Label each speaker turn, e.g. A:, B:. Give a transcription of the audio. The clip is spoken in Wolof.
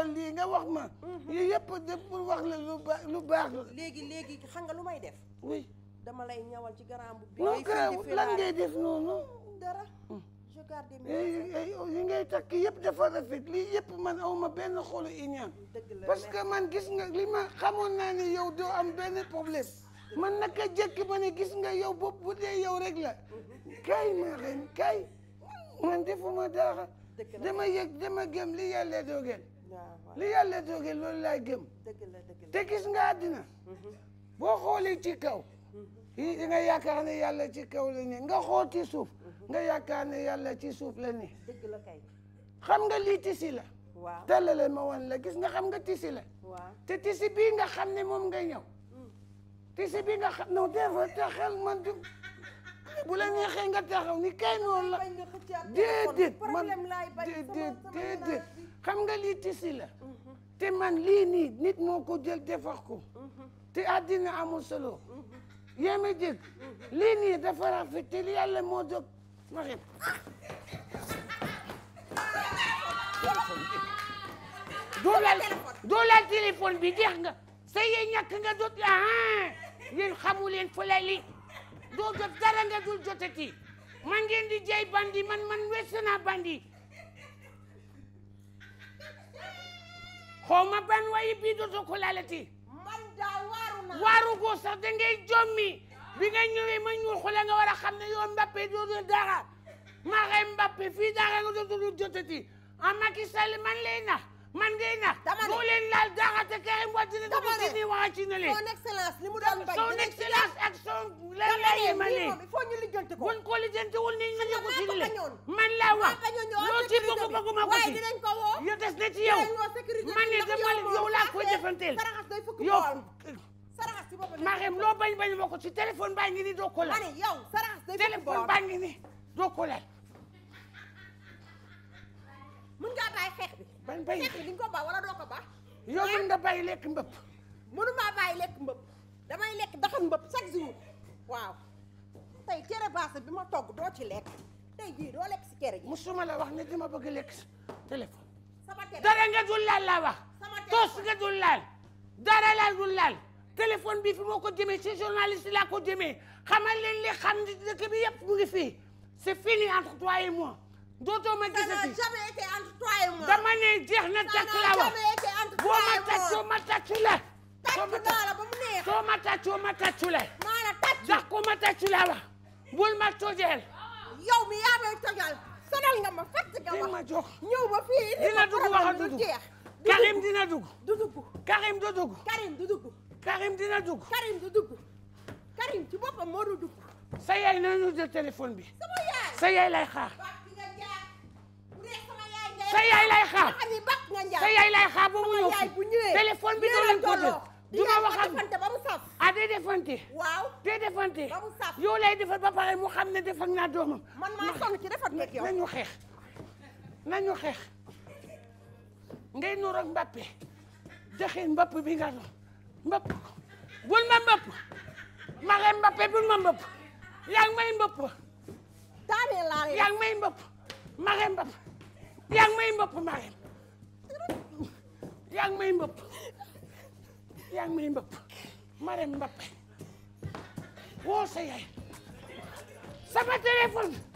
A: xool lii nga wax ma. Mhm. yii yëpp de wax la lu ba lu baax la. léegi léegi xam nga lu may def. oui dama lay ñawal ci garam bi. ay fii lan ngay def noonu. dara. Hmm.
B: je garde mes
A: yi ngay takk yëpp dafa rafet lii yëpp man awma benn xolu iñaan parce que man gis nga li ma xamoon naa ne yow doo am benn problème. man naka jëkk ma ne gis nga yow bopp dee yow rek la. Mhm. kay ma ren kay man defuma dara. dama yëg dama gëm li yàlla dogal li yàlla dogal loolu laay gëm te gis nga àddina boo xoolee ci kaw yi nga yaakaar ne yàlla ci kaw la nga xool ci suuf nga yaakaar ne yàlla ci suuf la ne xam nga lii tisi la tàllale ma wan la gis nga xam nga tisi la te tisi bii nga xam ne moom nga ñëw tisi bi nga xam non defa te xel man du bu nga taxaw ni kay noonu la déedéet man xam nga lii tisi la te man lii nii nit moo ko jël defar ko te àddina amul solo yéeme jëg lii nii dafa rafet te yàlla moo jóg ma doolal doolal téléphone bi jeex nga sa yee ñàkk nga jot aa ah! yéen xamu leen li doo jot dara nga dul jotati man ngeen di jay bandi man man wes bandi xaw ma ban wayi bii dootoo ko laalati man daal waaru sax da jommi bi nga ñëwee ma ñuul la nga war a xam ne yow Mbappé dootul dara maa xay fii dara nga dootul jotati ah Macky Sall man lay nax man ngay nax. dama leen laal dara te Karim Wade dina dugg ci nii wax ci na leen. son ak son. lan la yemale il faut ñu lijjanti ko. buñ ko lijjantiwul ni ñu man laa wax. loo ci bëgg ma ko ci. waaye dinañ ko woo. yo des ci yow. saraxanteel. saraxas day fukki bool saraxas loo bañ bañ ko ci téléphone baa ngi ni doo ko laal. ma ne yow saraxas day fukki bool ngaa bàyyi xeex bi. bañ bañ di nga ko lekk mbëpp. mënumaa bàyyi lekk mbëpp damay lekk daxan mbëpp chaque jour waaw. tey cere baase bi ma togg doo ci lekk tey jii doo lekk si cere ji. musuma la wax ne dama bëgg lekk téléphone. sama dara nga dul laal wax. tos nga dul laal dara laal dul laal téléphone bi fi moo ko jëmee ci journaliste yi laa ko jëmee xamal leen li xam ni dëkk bi yëpp mu ngi fii fini entre toi et moi dootoo ma gisati. ça n'a jamais ne jeex na takk la wa boo ma tàccoo ma tàccu la. tàccu naa la ba mu neex. soo ma tàccoo ma tàccu la. maa la tàccu ndax ko ma tàccu la wa bul ma tojeel. yow mi yaa may tojal sonal nga ma fàtt nga wax. ma jox ñëw ba fii. dina dugg wax a dugg Karim dina dugg. du dugg Karim du dugg. Karim du dugg. dina dugg. Karim na ñu jël téléphone lay xaar. sa lay xaar. sa yaay bi doo leen ko jël.
B: du ma wax
A: ak ah day defante. waaw defante. ba pare mu xam ne defar naa doomam. ci defar nekk yow nañu xeex ngay nuur ak Mbappé joxe Mbappé bi nga doon Mbappé bul ma Mbappé ma ngay Mbappé bul ma Mbappé yaa ngi may Mbappé. taamee laa yaa ngi may Mbappé ma ngay Mbappé yaa ngi may Mbappé ma ngay yaa woo sa sama téléphone.